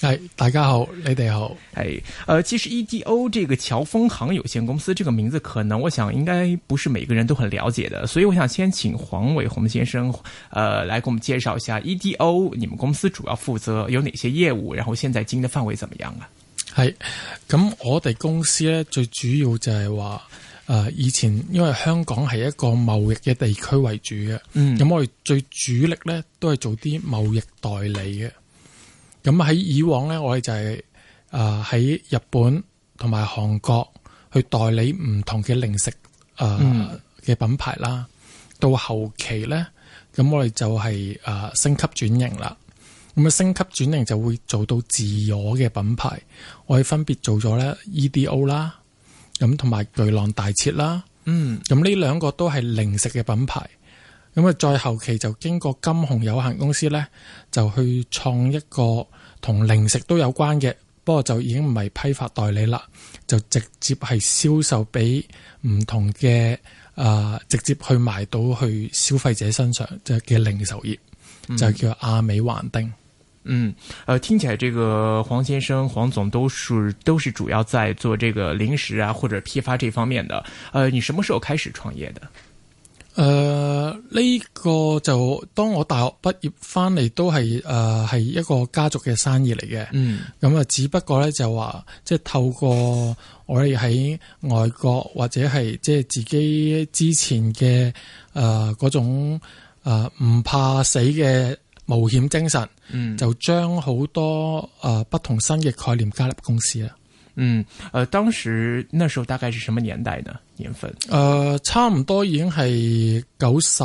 係，大家好，你哋好。誒，誒、呃，其實 EDO 這個僑豐行有限公司這個名字，可能我想應該不是每個人都很了解的，所以我想先請黃偉鴻先生，誒、呃，來給我們介紹一下 EDO，你們公司主要負責有哪些業務，然後現在經營的範圍怎麼樣啊？係，咁我哋公司呢，最主要就係話，誒、呃，以前因為香港係一個貿易嘅地區為主嘅，嗯，咁我哋最主力呢都係做啲貿易代理嘅。咁喺以往咧，我哋就係誒喺日本同埋韓國去代理唔同嘅零食誒嘅、呃嗯、品牌啦。到後期咧，咁我哋就係、是、誒、呃、升級轉型啦。咁啊升級轉型就會做到自我嘅品牌。我哋分別做咗咧 E D O 啦，咁同埋巨浪大切啦。嗯，咁呢兩個都係零食嘅品牌。咁啊再後期就經過金鴻有限公司咧，就去創一個。同零食都有關嘅，不過就已經唔係批發代理啦，就直接係銷售俾唔同嘅啊、呃，直接去賣到去消費者身上，即係嘅零售業，就係叫亞美橫丁，嗯。嗯，誒、呃，聽起來這個黃先生、黃總都是都是主要在做這個零食啊或者批發這方面的。誒、呃，你什麼時候開始創業的？誒，呢個就當我大學畢業翻嚟都係誒係一個家族嘅生意嚟嘅，咁啊、嗯、只不過咧就話即係透過我哋喺外國或者係即係自己之前嘅誒嗰種誒唔怕死嘅冒險精神，嗯、就將好多誒不同新嘅概念加入公司啦。嗯，誒、呃，當時那時候大概是什麼年代呢？年份？誒、呃，差唔多已經係九十。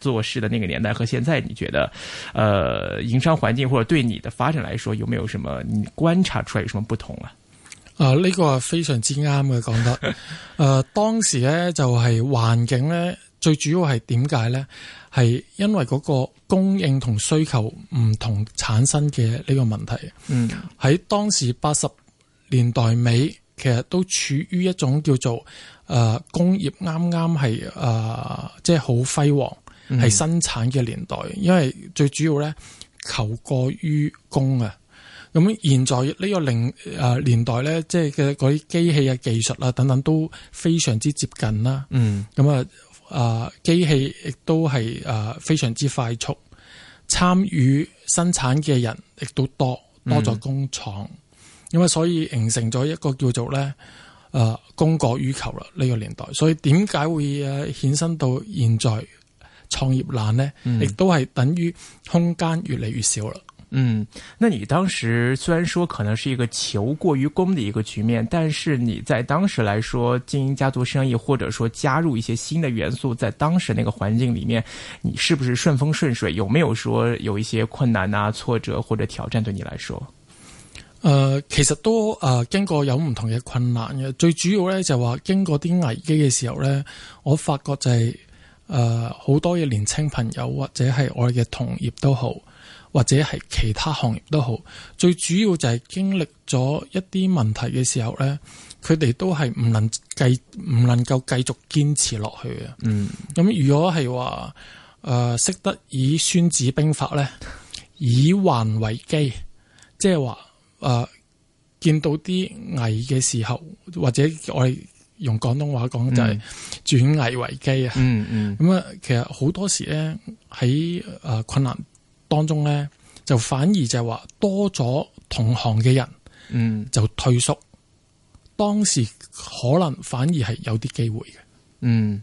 做事的那個年代和現在，你覺得，呃，營商環境或者對你的發展來說，有沒有什麼你觀察出來有什麼不同啊？啊、呃，呢、這個非常之啱嘅講得。誒、 呃，當時咧就係、是、環境咧，最主要係點解咧？係因為嗰個供應同需求唔同產生嘅呢個問題。嗯，喺當時八十年代尾，其實都處於一種叫做誒、呃、工業啱啱係誒即係好輝煌。係生產嘅年代，因為最主要咧求過於供啊。咁現在呢個令誒年代咧，即係嘅嗰啲機器嘅技術啊等等都非常之接近啦。嗯。咁啊，啊機器亦都係啊非常之快速，參與生產嘅人亦都多多咗工廠，咁啊、嗯、所以形成咗一個叫做咧誒供過於求啦呢、呢個年代。所以點解會誒衍生到現在？創業難呢，亦都係等於空間越嚟越少啦。嗯，那你當時雖然說可能是一個求過於供嘅一個局面，但是你在當時來說經營家族生意，或者說加入一些新的元素，在當時那個環境裏面，你是不是順風順水？有沒有說有一些困難啊、挫折或者挑戰對你來說？誒、呃，其實都誒、呃、經過有唔同嘅困難嘅，最主要呢，就話、是、經過啲危機嘅時候呢，我發覺就係、是。誒好、呃、多嘅年青朋友，或者係我哋嘅同業都好，或者係其他行業都好，最主要就係經歷咗一啲問題嘅時候咧，佢哋都係唔能繼唔能夠繼續堅持落去嘅。嗯，咁、嗯、如果係話誒識得以《孫子兵法》咧， 以患為機，即係話誒見到啲危嘅時候，或者我哋。用廣東話講就係轉危為機啊！咁啊，嗯，嗯，其實好多時咧喺誒困難當中咧，就反而就係話多咗同行嘅人，嗯，就退縮。當時可能反而係有啲機會嘅，嗯。嗯。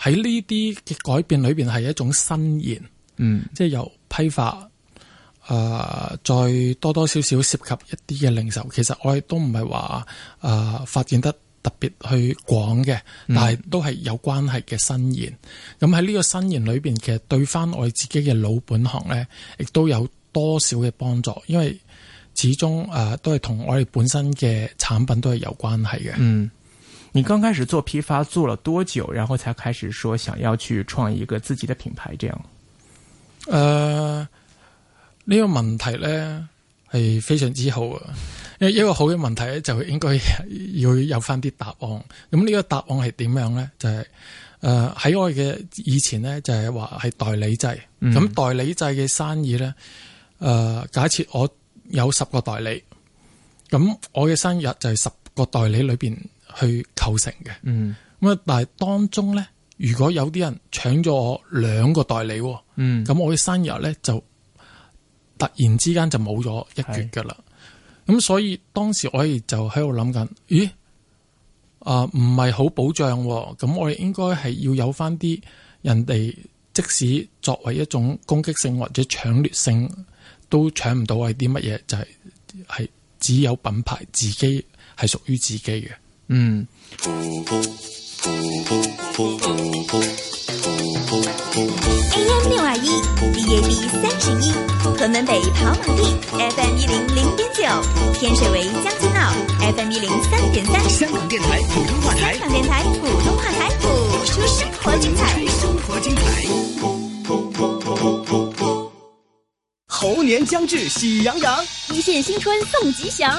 喺呢啲嘅改變裏邊係一種新言，嗯，即係由批發，誒、呃，再多多少少涉及一啲嘅零售。其實我哋都唔係話誒發展得特別去廣嘅，但係都係有關係嘅新言。咁喺呢個新言裏邊，其實對翻我哋自己嘅老本行咧，亦都有多少嘅幫助，因為始終誒、呃、都係同我哋本身嘅產品都係有關係嘅，嗯。你剛開始做批發做了多久，然後才開始說想要去創一個自己的品牌？這樣，誒呢、呃這個問題咧係非常之好啊。因為一個好嘅問題咧就應該要有返啲答案。咁、嗯、呢個答案係點樣咧？就係誒喺我嘅以前咧就係話係代理制，咁代理制嘅生意咧，誒、呃，假設我有十個代理，咁我嘅生日就係十個代理裏邊。去構成嘅，咁啊、嗯，但係當中咧，如果有啲人搶咗我兩個代理、哦、咁、嗯、我嘅生意咧就突然之間就冇咗一月噶啦。咁是所以當時我哋就喺度諗緊，咦啊，唔係好保障，咁、哦、我哋應該係要有翻啲人哋，即使作為一種攻擊性或者搶掠性，都搶唔到係啲乜嘢，就係、是、係只有品牌自己係屬於自己嘅。嗯。AM 六二一，DAB 三十一，屯門北跑馬地，FM 一零零點九，9, 天水圍將軍澳，FM 一零三點三。3. 3香港電台普通話台，香港電台普通話台，播出生活精彩。播出生活精彩。猴年將至喜洋洋，喜羊羊，一線新春送吉祥。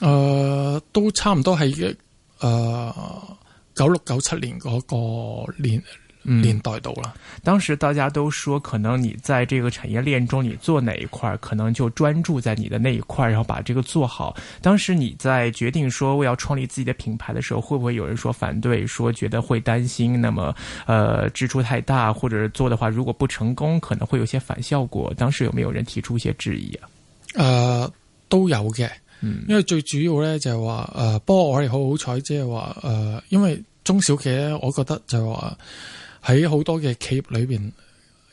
誒、呃，都差唔多喺誒九六九七年嗰個年年代度啦、嗯。當時大家都說，可能你在這個產業鏈中，你做哪一塊，可能就專注在你的那一塊，然後把這個做好。當時你在決定說我要創立自己的品牌的時候，會不會有人說反對，說覺得會擔心那麼，誒、呃、支出太大，或者做的話如果不成功，可能會有些反效果。當時有沒有人提出一些質疑啊？誒、呃，都有嘅。嗯，因為最主要咧就係話誒，不、呃、過我哋好好彩，即係話誒，因為中小企咧，我覺得就係話喺好多嘅企業裏邊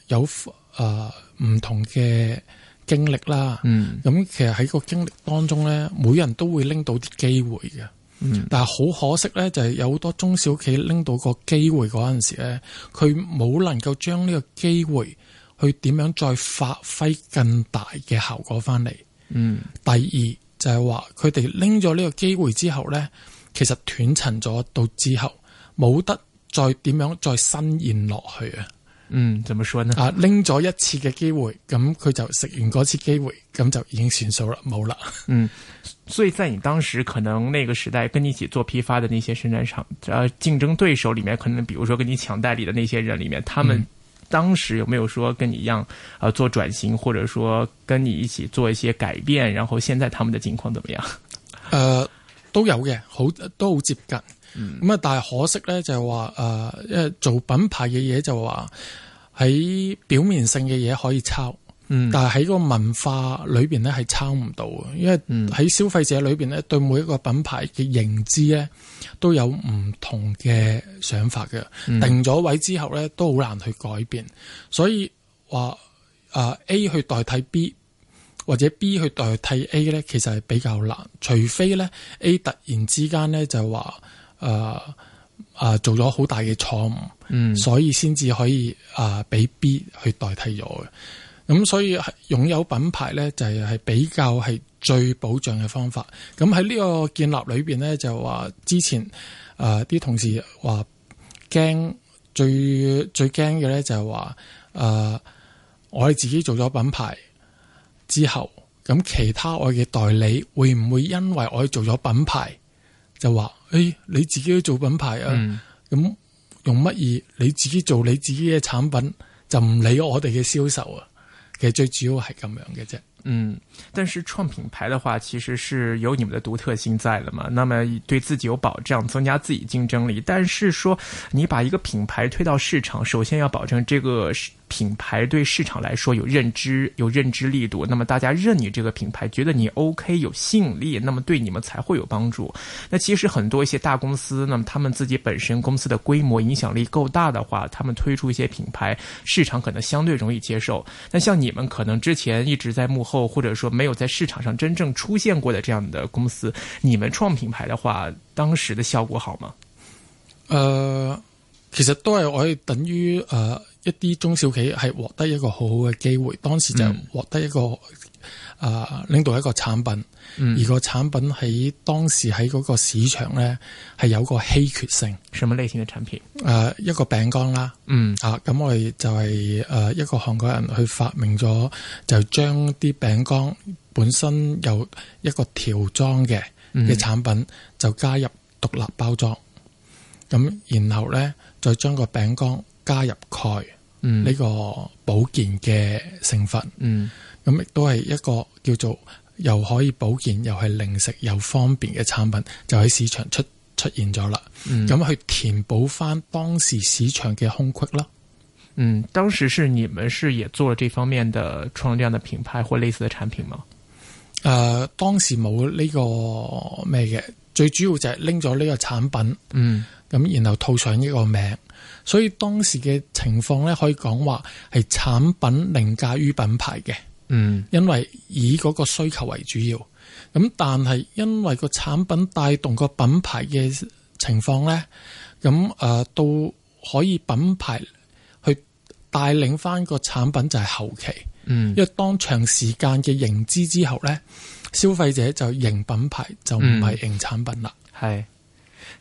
有誒唔、呃、同嘅經歷啦。嗯，咁、嗯嗯嗯嗯、其實喺個經歷當中咧，每人都會拎到啲機會嘅。嗯，但係好可惜咧，就係、是、有好多中小企拎到個機會嗰陣時咧，佢冇能夠將呢個機會去點樣再發揮更大嘅效果翻嚟、嗯。嗯，第、嗯、二。就係話佢哋拎咗呢個機會之後咧，其實斷層咗到之後，冇得再點樣再伸延落去啊。嗯，怎麼說呢？啊，拎咗一次嘅機會，咁佢就食完嗰次機會，咁就已經算數啦，冇啦。嗯，所以在你當時可能那個時代，跟你一起做批發嘅那些生產廠，啊，競爭對手裏面，可能比如說跟你搶代理嘅那些人裏面，他們、嗯。當時有沒有說跟你一樣，啊、呃、做轉型，或者說跟你一起做一些改變？然後現在他們的境況怎麼樣？誒、呃，都有嘅，好都好接近，咁啊、嗯，但係可惜咧就係話誒，因、呃、為做品牌嘅嘢就話喺表面性嘅嘢可以抄。但係喺個文化裏邊咧，係撐唔到嘅，因為喺消費者裏邊咧，對每一個品牌嘅認知咧，都有唔同嘅想法嘅。嗯、定咗位之後咧，都好難去改變。所以話啊 A 去代替 B，或者 B 去代替 A 咧，其實係比較難。除非咧 A 突然之間咧就話誒誒做咗好大嘅錯誤，嗯、所以先至可以誒俾、呃、B 去代替咗嘅。咁所以擁有品牌咧就係、是、係比較係最保障嘅方法。咁喺呢個建立裏邊咧就話之前誒啲、呃、同事話驚，最最驚嘅咧就係話誒我哋自己做咗品牌之後，咁其他我嘅代理會唔會因為我做咗品牌就話誒、欸、你自己都做品牌啊？咁、嗯、用乜嘢你自己做你自己嘅產品就唔理我哋嘅銷售啊？其實最主要係咁樣嘅啫，嗯，但是創品牌的話，其實是有你們的獨特性在的嘛，那麼對自己有保障，增加自己競爭力。但是說你把一個品牌推到市場，首先要保證這個。品牌對市場來說有認知，有認知力度，那麼大家認你這個品牌，覺得你 OK，有吸引力，那麼對你們才會有幫助。那其實很多一些大公司，那麼他們自己本身公司的規模影響力夠大的話，他們推出一些品牌，市場可能相對容易接受。那像你們可能之前一直在幕後，或者說沒有在市場上真正出現過的這樣的公司，你們創品牌的話，當時的效果好嗎？呃，其實都係我等於呃。一啲中小企係獲得一個好好嘅機會，當時就獲得一個啊、嗯呃，拎到一個產品，嗯、而個產品喺當時喺嗰個市場咧係有個稀缺性。什麼類型嘅產品？誒、呃，一個餅乾啦。嗯啊，咁我哋就係、是、誒、呃、一個韓國人去發明咗，就將啲餅乾本身有一個條裝嘅嘅產品，就加入獨立包裝。咁、嗯、哼然後咧，再將個餅乾。加入鈣呢、嗯、個保健嘅成分，咁亦、嗯、都係一個叫做又可以保健又係零食又方便嘅產品，就喺市場出出現咗啦。咁、嗯、去填補翻當時市場嘅空隙咯。嗯，當時是你們是也做了這方面的創這樣的品牌或類似的產品嗎？誒、呃，當時冇呢、這個咩嘅，最主要就係拎咗呢個產品，嗯，咁然後套上呢個名。所以當時嘅情況咧，可以講話係產品凌駕於品牌嘅，嗯，因為以嗰個需求為主要。咁但係因為個產品帶動個品牌嘅情況咧，咁誒、呃、到可以品牌去帶領返個產品就係後期，嗯，因為當長時間嘅認知之後咧，消費者就認品牌就唔係認產品啦，係、嗯。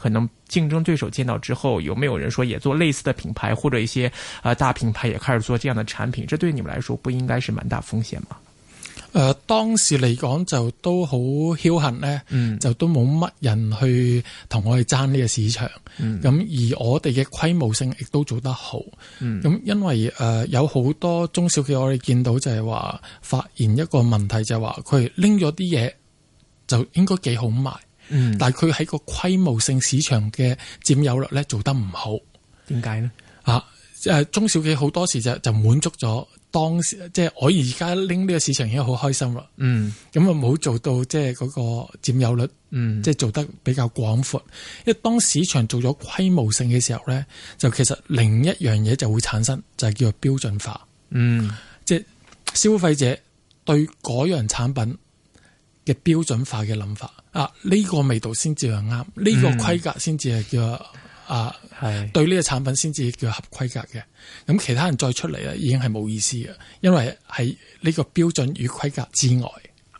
可能競爭對手見到之後，有沒有人說也做類似的品牌，或者一些啊、呃、大品牌也開始做這樣的產品？這對你們來說不應該是蠻大風險嘛？誒、呃，當時嚟講就都好僥倖呢，嗯、就都冇乜人去同我哋爭呢個市場，咁、嗯、而我哋嘅規模性亦都做得好，咁、嗯嗯、因為誒、呃、有好多中小企我哋見到就係話發現一個問題就係話佢拎咗啲嘢就應該幾好賣。但係佢喺個規模性市場嘅佔有率咧做得唔好，點解呢？啊，誒，中小企好多時就就滿足咗當時，即係我而家拎呢個市場已經好開心啦。嗯，咁啊冇做到即係嗰個佔有率，嗯，即係做得比較廣闊。因為當市場做咗規模性嘅時候咧，就其實另一樣嘢就會產生，就係叫做標準化。嗯，即係消費者對嗰樣產品。標準化嘅諗法啊，呢個味道先至係啱，呢個規格先至係叫啊，係的對呢個產品先至叫合規格嘅。咁其他人再出嚟啊，已經係冇意思嘅，因為係呢個標準與規格之外。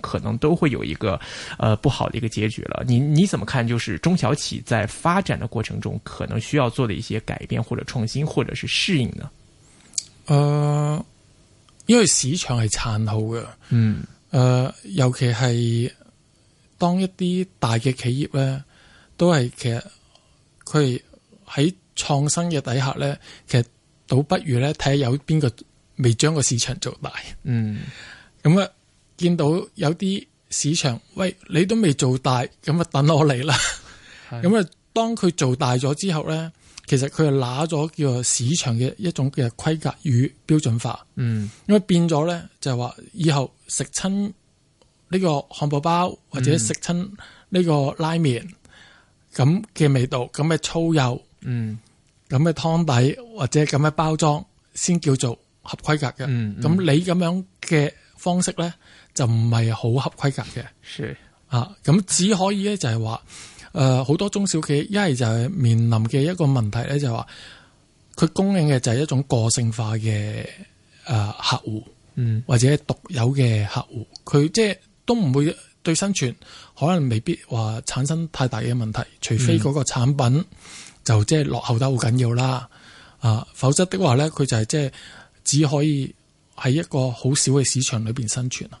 可能都會有一個，呃，不好的一個結局了。你你怎麼看？就是中小企在發展的過程中，可能需要做的一些改變或者創新，或者是適應呢？誒、呃，因為市場係殘酷嘅，嗯，誒、呃，尤其係當一啲大嘅企業咧，都係其實佢喺創新嘅底下咧，其實倒不如咧睇下有邊個未將個市場做大，嗯，咁啊、嗯。見到有啲市場，喂，你都未做大，咁啊等我嚟啦。咁 啊的，當佢做大咗之後咧，其實佢就拿咗叫做市場嘅一種嘅規格與標準化。嗯，因為變咗咧，就係話以後食親呢個漢堡包或者食親呢個拉麵，咁嘅味道，咁嘅粗幼，嗯，咁嘅湯底或者咁嘅包裝，先叫做合規格嘅。嗯。嗯，咁你咁樣嘅方式咧，就唔係好合規格嘅，係是啊，咁只可以咧，就係話誒，好、呃、多中小企一係就係面臨嘅一個問題咧，就係話、是、佢供應嘅就係一種個性化嘅誒、呃、客戶，嗯，或者獨有嘅客戶，佢即係都唔會對生存可能未必話產生太大嘅問題，除非嗰個產品就即係落後得好緊要啦啊，否則的話咧，佢就係即係只可以喺一個好少嘅市場裏邊生存啊。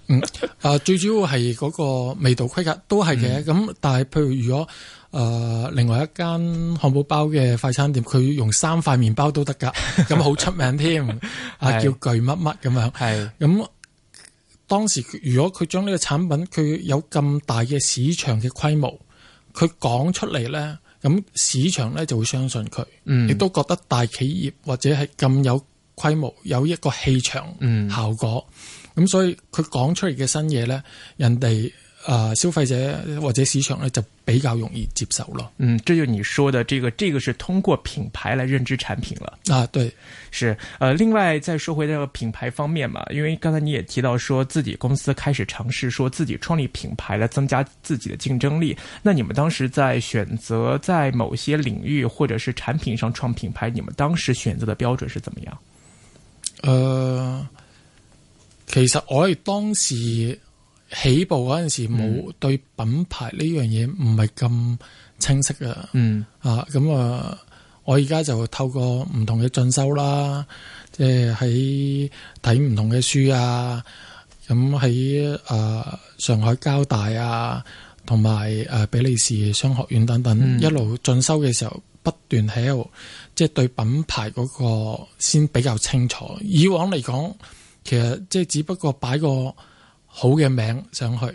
嗯、啊，最主要係嗰個味道規格都係嘅，咁、嗯、但係譬如如果誒、呃、另外一間漢堡包嘅快餐店，佢用三塊麵包都得噶，咁好 出名添，是啊叫巨乜乜咁樣，係，咁當時如果佢將呢個產品，佢有咁大嘅市場嘅規模，佢講出嚟咧，咁市場咧就會相信佢，亦、嗯、都覺得大企業或者係咁有規模，有一個氣場，效果。嗯咁所以佢講出嚟嘅新嘢呢，人哋誒消費者或者市場呢，就比較容易接受咯。嗯，這就是你說的，這個這個是通過品牌來認知產品了。啊，對，是。誒、呃，另外再說回到品牌方面嘛，因為剛才你也提到說自己公司開始嘗試說自己創立品牌來增加自己的競爭力。那你們當時在選擇在某些領域或者是產品上創品牌，你們當時選擇的標準是怎麼樣？誒、呃。其實我哋當時起步嗰陣時，冇、嗯、對品牌呢樣嘢，唔係咁清晰嘅。嗯啊，咁啊、呃，我而家就透過唔同嘅進修啦，即係喺睇唔同嘅書啊，咁喺誒上海交大啊，同埋誒比利時商學院等等，嗯、一路進修嘅時候，不斷喺度，即係對品牌嗰個先比較清楚。以往嚟講。其實即係只不過擺個好嘅名上去，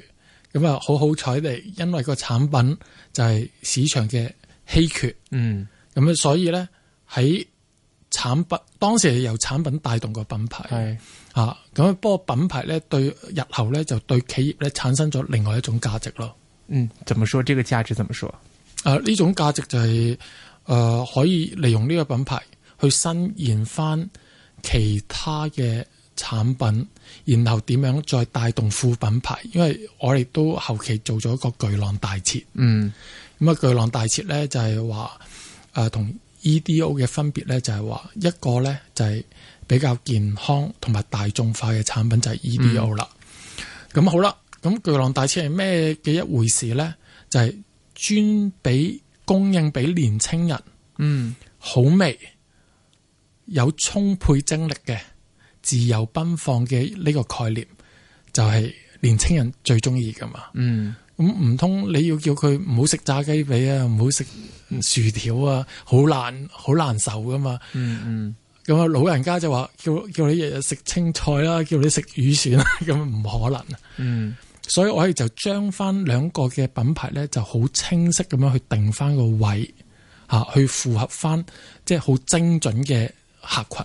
咁啊好好彩地，因為個產品就係市場嘅稀缺，嗯，咁啊，所以咧喺產品當時係由產品帶動個品牌係吓咁。是啊、不過品牌咧對日後咧就對企業咧產生咗另外一種價值咯。嗯，怎麼說？這個價值怎麼說？誒、啊，呢種價值就係、是、誒、呃、可以利用呢個品牌去伸延翻其他嘅。產品，然後點樣再帶動副品牌？因為我哋都後期做咗一個巨浪大設。嗯，咁啊，巨浪大設咧就係、是、話，誒、呃、同 E D O 嘅分別咧就係話，一個咧就係、是、比較健康同埋大眾化嘅產品就係、是、E D O 啦。咁、嗯、好啦，咁巨浪大設係咩嘅一回事咧？就係專俾供應俾年青人，嗯，好味，有充沛精力嘅。自由奔放嘅呢個概念，就係、是、年青人最中意噶嘛。嗯，咁唔通你要叫佢唔好食炸雞髀啊，唔好食薯條啊，好難好難受噶嘛。嗯嗯，咁啊，老人家就話叫叫你日日食青菜啦，叫你食魚片啦，咁唔、啊、 可能。嗯，所以我哋就將翻兩個嘅品牌咧，就好清晰咁樣去定翻個位啊，去符合翻即係好精準嘅客群。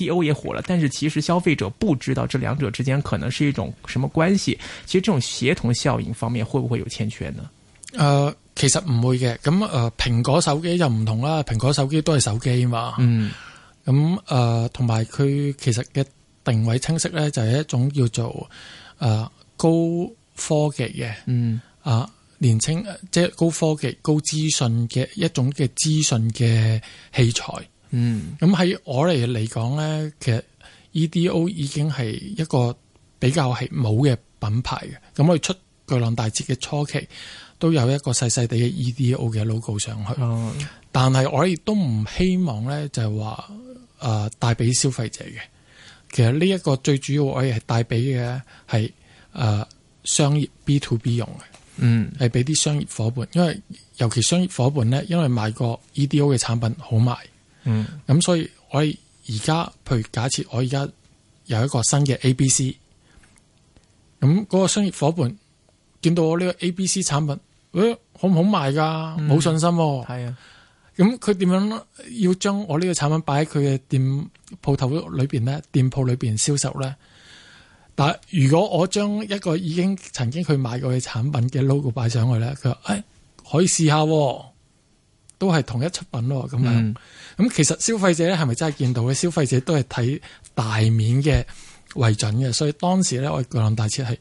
T.O. 也火了，但是其實消費者不知道這兩者之間可能是一種什麼關係。其實這種協同效應方面會不會有欠缺呢？誒、呃，其實唔會嘅。咁誒、呃，蘋果手機就唔同啦，蘋果手機都係手機嘛。嗯。咁誒、嗯，同埋佢其實嘅定位清晰咧，就係、是、一種叫做誒、呃、高科技嘅。嗯。啊，年輕即係高科技、高資訊嘅一種嘅資訊嘅器材。嗯，咁喺、嗯、我嚟嚟講咧，其實 E D O 已經係一個比較係冇嘅品牌嘅。咁我哋出巨浪大捷嘅初期，都有一個細細地嘅 E D O 嘅 logo 上去。嗯、但係我亦都唔希望咧，就係話誒帶俾消費者嘅。其實呢一個最主要我係帶俾嘅係誒商業 B to B 用嘅，嗯係俾啲商業夥伴。因為尤其商業夥伴咧，因為賣過 E D O 嘅產品好賣。嗯，咁所以我而家，譬如假設我而家有一個新嘅 A B C，咁嗰個商業夥伴見到我呢個 A B C 產品，誒、欸，好唔好賣噶？冇、嗯、信心。係啊，咁佢點樣要將我呢個產品擺喺佢嘅店鋪頭裏邊咧？店鋪裏邊銷售咧？但係如果我將一個已經曾經佢買過嘅產品嘅 logo 擺上去咧，佢話誒，可以試下、啊。都係同一出品咯，咁樣咁其實消費者咧係咪真係見到嘅？消費者都係睇大面嘅為準嘅，所以當時咧，我哋巨浪大車係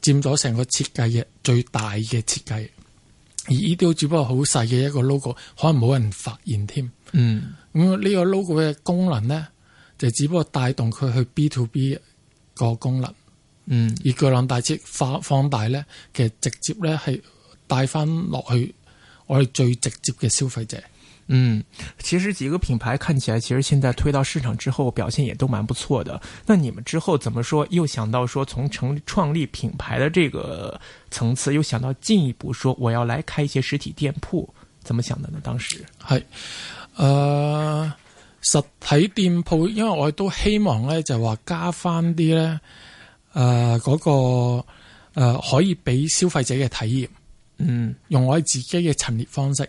佔咗成個設計嘅最大嘅設計，而呢啲只不過好細嘅一個 logo，可能冇人發現添。嗯，咁呢個 logo 嘅功能咧，就只不過帶動佢去 B to B 個功能。嗯，而巨浪大車化放大咧，其實直接咧係帶翻落去。我係最直接嘅消費者。嗯，其實幾個品牌看起來，其實現在推到市場之後表現也都蠻不錯嘅。那你們之後怎麼說？又想到說從成立創立品牌的這個層次，又想到進一步說我要來開一些實體店鋪，怎麼想的呢？當時係，誒、呃，實體店鋪，因為我都希望咧就話加翻啲咧，誒、呃、嗰、那個誒、呃、可以俾消費者嘅體驗。嗯，用我哋自己嘅陳列方式，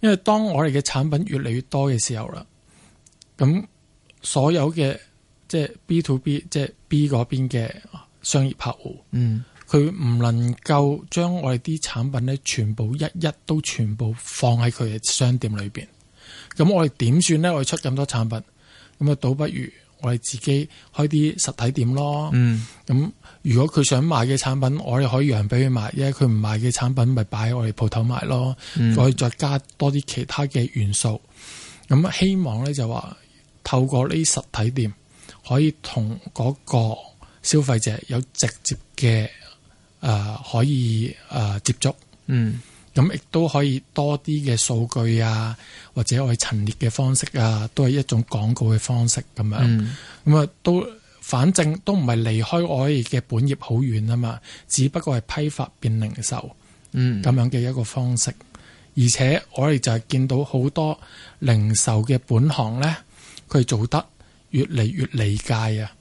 因為當我哋嘅產品越嚟越多嘅時候啦，咁所有嘅即係 B to B，即係 B 邊嘅商業客戶，嗯，佢唔能夠將我哋啲產品咧全部一一都全部放喺佢嘅商店裏邊，咁我哋點算咧？我哋出咁多產品，咁啊，倒不如。我哋自己開啲實體店咯，咁、嗯、如果佢想買嘅產品，我哋可以讓俾佢買，因為佢唔買嘅產品，咪擺喺我哋鋪頭賣咯。我、嗯、可以再加多啲其他嘅元素，咁希望咧就話透過呢啲實體店，可以同嗰個消費者有直接嘅誒、呃，可以誒、呃、接觸。嗯。咁亦都可以多啲嘅數據啊，或者我哋陳列嘅方式啊，都係一種廣告嘅方式咁樣。咁啊、嗯，都反正都唔係離開我哋嘅本業好遠啊嘛，只不過係批發變零售，嗯，咁樣嘅一個方式。嗯、而且我哋就係見到好多零售嘅本行咧，佢做得越嚟越理解啊。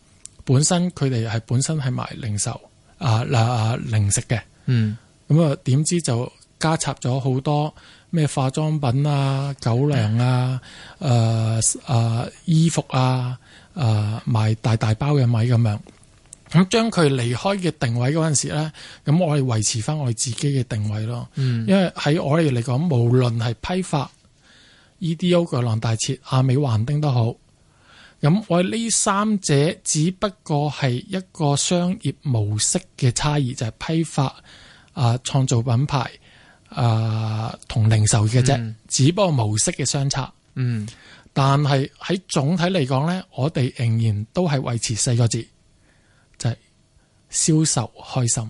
本身佢哋係本身係賣零售啊，嗱啊，零食嘅，嗯，咁啊點知就～加插咗好多咩化妝品啊、狗糧啊、誒、呃、誒、呃、衣服啊、誒、呃、賣大大包嘅米咁樣，咁將佢離開嘅定位嗰陣時咧，咁我哋維持返我哋自己嘅定位咯。嗯、因為喺我哋嚟講，無論係批發 EDO 巨浪大切、阿美橫丁都好，咁我哋呢三者只不過係一個商業模式嘅差異，就係、是、批發啊、呃，創造品牌。啊同、呃、零售嘅啫，嗯、只不過模式嘅相差。嗯，但係喺總體嚟講咧，我哋仍然都係維持四個字，就係、是、銷售開心。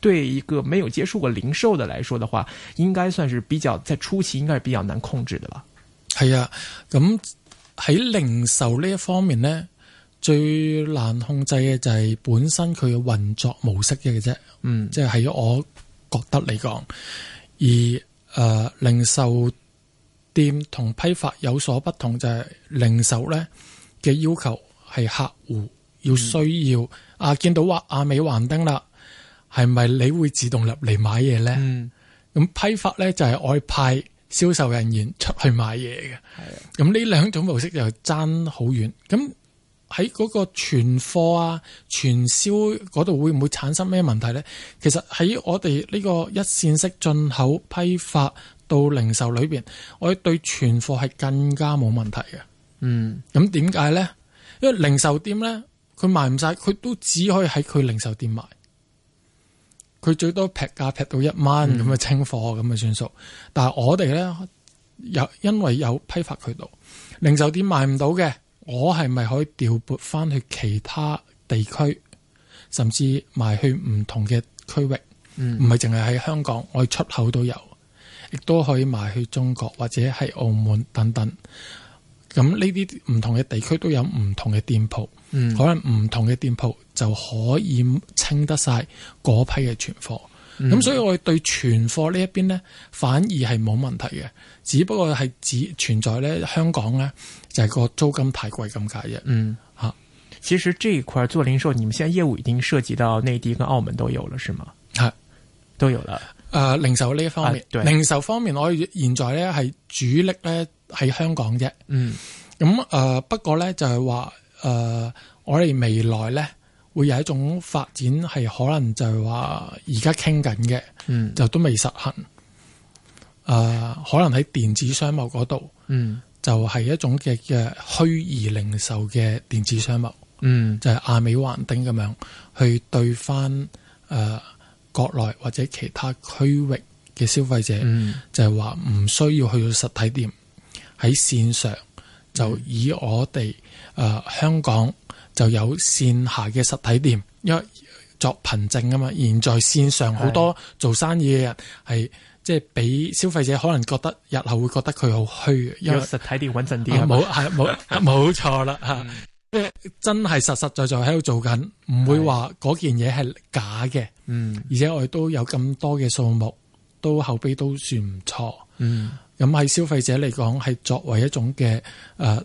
對一個沒有接觸過零售的來說的話，應該算是比較在初期，應該是比較難控制的吧。係啊，咁、嗯、喺零售呢一方面咧，最難控制嘅就係本身佢嘅運作模式嘅啫。嗯，即係喺我覺得嚟講，而誒、呃，零售店同批發有所不同，就係、是、零售咧嘅要求係客戶要需要、嗯、啊，見到話、啊、阿、啊、美橫丁啦。係咪你會自動入嚟買嘢咧？咁、嗯、批發咧就係、是、我派銷售人員出去買嘢嘅。咁呢兩種模式就爭好遠。咁喺嗰個存貨啊、傳銷嗰度會唔會產生咩問題咧？其實喺我哋呢個一線式進口批發到零售裏邊，我哋對存貨係更加冇問題嘅。嗯，咁點解咧？因為零售店咧，佢賣唔晒，佢都只可以喺佢零售店賣。佢最多劈價劈到一蚊咁嘅清貨咁嘅、嗯、算數，但係我哋咧有因為有批發渠道，零售店賣唔到嘅，我係咪可以調撥翻去其他地區，甚至賣去唔同嘅區域？唔係淨係喺香港，我哋出口都有，亦都可以賣去中國或者係澳門等等。咁呢啲唔同嘅地區都有唔同嘅店鋪。嗯，可能唔同嘅店鋪就可以清得晒嗰批嘅存貨，咁、嗯、所以我哋對存貨呢一邊呢，反而係冇問題嘅，只不過係只存在咧香港咧就係、是、個租金太貴咁解啫。嗯、吓、啊，其實呢一塊做零售，你們現在業務已經涉及到內地跟澳門都有了，是嗎？係是都有啦。誒、呃，零售呢一方面，啊、對零售方面，我現在咧係主力咧喺香港啫。嗯，咁誒、嗯嗯呃，不過咧就係、是、話。誒、呃，我哋未來咧會有一種發展係可能就係話而家傾緊嘅，嗯，就都未實行。誒、呃，可能喺電子商務嗰度，嗯、就係一種嘅嘅虛擬零售嘅電子商務。嗯，就係阿美環頂咁樣去對翻誒、呃、國內或者其他區域嘅消費者，嗯、就係話唔需要去到實體店，喺線上就以我哋、嗯。嗯誒、呃，香港就有線下嘅實體店，因為作憑證啊嘛。現在線上好多做生意嘅人係即係俾消費者可能覺得日後會覺得佢好虛嘅，因為實體店穩陣啲。冇係冇冇錯啦吓，即係、啊啊嗯啊、真係實實在在喺度做緊，唔會話嗰件嘢係假嘅。嗯，而且我哋都有咁多嘅數目，都口碑都算唔錯。嗯，嗯，嗯，嗯，咁喺消費者嚟講係作為一種嘅誒。呃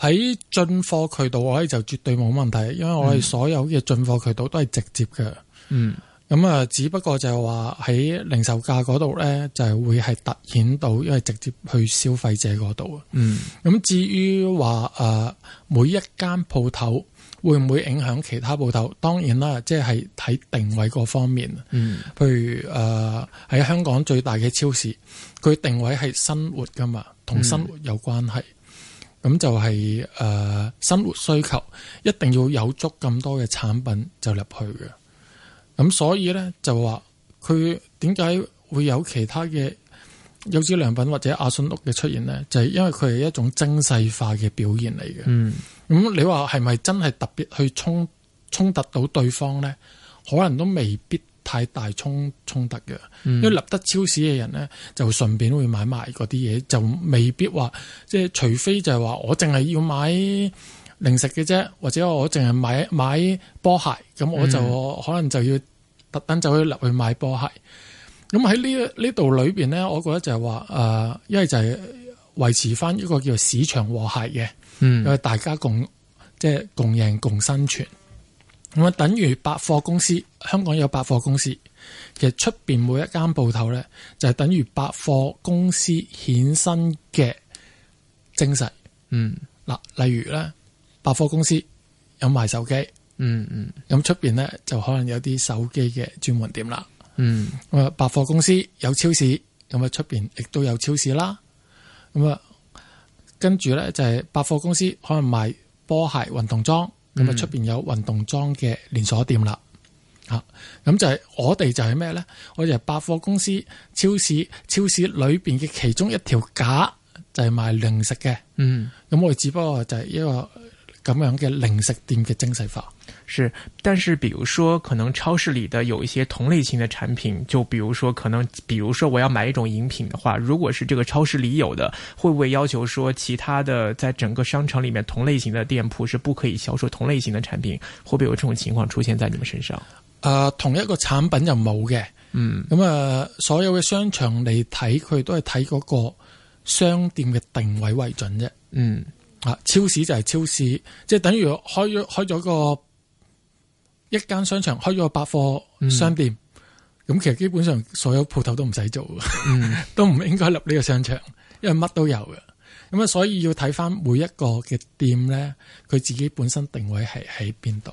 喺進貨渠道，我哋就絕對冇問題，因為我哋所有嘅進貨渠道都係直接嘅。嗯，咁啊，只不過就係話喺零售價嗰度咧，就係會係凸顯到，因為直接去消費者嗰度啊。嗯，咁至於話誒，每一間鋪頭會唔會影響其他鋪頭？當然啦，即係睇定位嗰方面。嗯，譬如誒喺、呃、香港最大嘅超市，佢定位係生活噶嘛，同生活有關係。嗯咁就係、是、誒、呃、生活需求，一定要有足咁多嘅產品就入去嘅。咁所以咧就話佢點解會有其他嘅優質良品或者阿信屋嘅出現咧？就係、是、因為佢係一種精細化嘅表現嚟嘅。嗯，咁你話係咪真係特別去衝衝突到對方咧？可能都未必。太大衝衝突嘅。嗯、因為立德超市嘅人咧，就順便會買埋嗰啲嘢，就未必話即係，就係、除非就係話我淨係要買零食嘅啫，或者我淨係買買波鞋，咁我就、嗯、可能就要特登走去立去買波鞋。咁喺呢呢度裏邊咧，我覺得就係話誒，一、呃、係就係維持翻一個叫市場和諧嘅。嗯、因為大家共即係、就係、共贏共生存。咁啊，等於百貨公司。香港有百貨公司，其實出邊每一間鋪頭咧，就係等於百貨公司衍生嘅精神。嗯，嗱，例如咧，百貨公司有賣手機，嗯嗯，咁出邊咧就可能有啲手機嘅專門店啦。嗯，咁啊，百貨公司有超市，咁啊出邊亦都有超市啦。咁啊，跟住咧就係、是、百貨公司可能賣波鞋、運動裝。咁、嗯、啊，出邊有運動裝嘅連鎖店啦，吓，咁就係我哋就係咩咧？我哋係百貨公司、超市、超市裏邊嘅其中一條架就係、是、賣零食嘅，嗯，咁我哋只不過就係一個。咁樣嘅零食店嘅精細化是，但是，比如說可能超市裏的有一些同類型嘅產品，就比如說可能，比如說我要買一種飲品的話，如果是這個超市裏有的，會唔會要求說其他的在整個商場裏面同類型的店鋪是不可以銷售同類型的產品？會不會有這種情況出現在你們身上？誒、嗯呃，同一個產品就冇嘅，嗯，咁啊、嗯，所有嘅商場嚟睇，佢都係睇嗰個商店嘅定位為準啫，嗯。啊！超市就係超市，即係等於開咗開咗個一間商場，開咗個百貨商店，咁、嗯、其實基本上所有鋪頭都唔使做，嗯、 都唔應該立呢個商場，因為乜都有嘅。咁啊，所以要睇翻每一個嘅店咧，佢自己本身定位係喺邊度。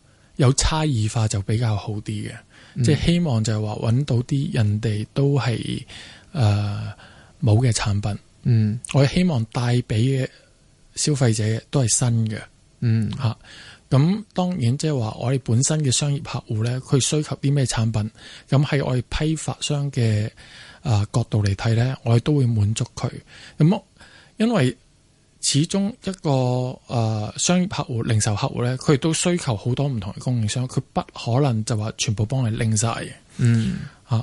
有差異化就比較好啲嘅，嗯、即係希望就係話揾到啲人哋都係誒冇嘅產品，嗯，我希望帶俾嘅消費者都係新嘅，嗯吓，咁、啊、當然即係話我哋本身嘅商業客戶咧，佢需求啲咩產品，咁喺我哋批發商嘅誒、呃、角度嚟睇咧，我哋都會滿足佢，咁因為。始終一個誒、呃，商業客戶、零售客戶咧，佢亦都需求好多唔同嘅供應商，佢不可能就話全部幫你拎晒嘅。嗯，吓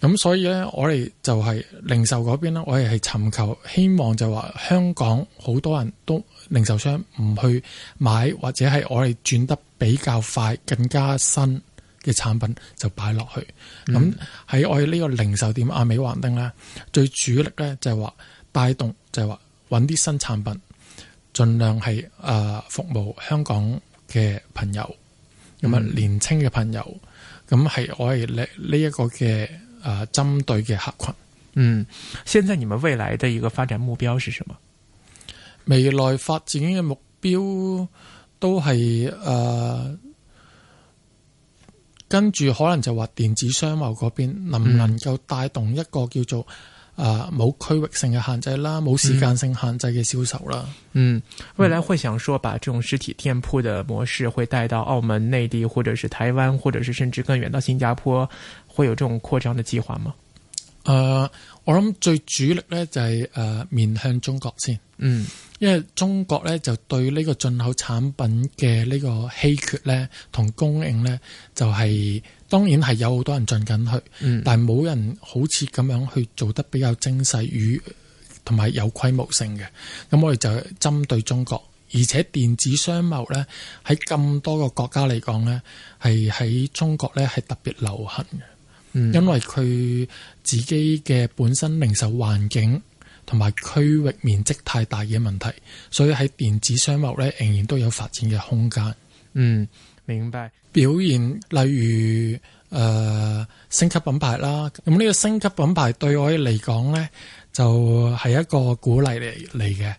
咁、啊，所以咧，我哋就係、是、零售嗰邊咧，我哋係尋求希望就話，香港好多人都零售商唔去買，或者係我哋轉得比較快、更加新嘅產品就擺落去。咁喺、嗯、我哋呢個零售店阿美橫丁咧，最主力咧就係話帶動就，就係話。揾啲新產品，盡量係啊、呃、服務香港嘅朋友，咁啊、嗯、年青嘅朋友，咁係我係呢呢一個嘅啊針對嘅客群。嗯，現在你們未來的一個發展目標是什麼？未來發展嘅目標都係誒跟住可能就話電子商貿嗰邊能唔能夠帶動一個叫做？啊！冇、呃、區域性嘅限制啦，冇時間性限制嘅銷售啦。嗯，嗯，未來會想說，把這種實體店鋪的模式會帶到澳門、內地，或者是台灣，或者是甚至更遠到新加坡，會有這種擴張的計劃嗎？誒、呃，我諗最主力咧就係、是、誒、呃、面向中國先。嗯，因為中國咧就對呢個進口產品嘅呢個稀缺咧同供應咧就係、是。當然係有好多人進緊去，嗯、但係冇人好似咁樣去做得比較精細與同埋有規模性嘅。咁我哋就針對中國，而且電子商貿呢，喺咁多個國家嚟講呢係喺中國呢係特別流行嘅。嗯、因為佢自己嘅本身零售環境同埋區域面積太大嘅問題，所以喺電子商貿呢，仍然都有發展嘅空間。嗯。明白表現，例如誒、呃，升級品牌啦，咁、嗯、呢、這個升級品牌對我嚟講咧，就係、是、一個鼓勵嚟嚟嘅。誒、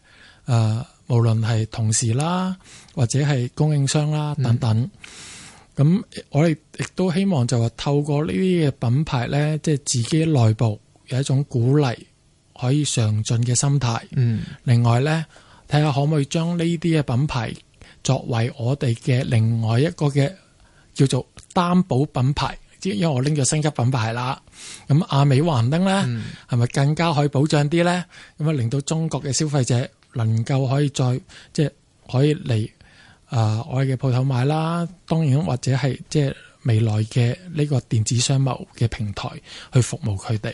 呃，無論係同事啦，或者係供應商啦，等等。咁、嗯、我哋亦都希望就話透過呢啲嘅品牌咧，即、就、係、是、自己內部有一種鼓勵，可以上進嘅心態。嗯。另外咧，睇下可唔可以將呢啲嘅品牌。作為我哋嘅另外一個嘅叫做擔保品牌，即因為我拎咗升級品牌啦，咁亞美環燈咧係咪更加可以保障啲咧？咁啊令到中國嘅消費者能夠可以再即係、就是、可以嚟啊、呃、我哋嘅鋪頭買啦，當然或者係即係未來嘅呢個電子商貿嘅平台去服務佢哋。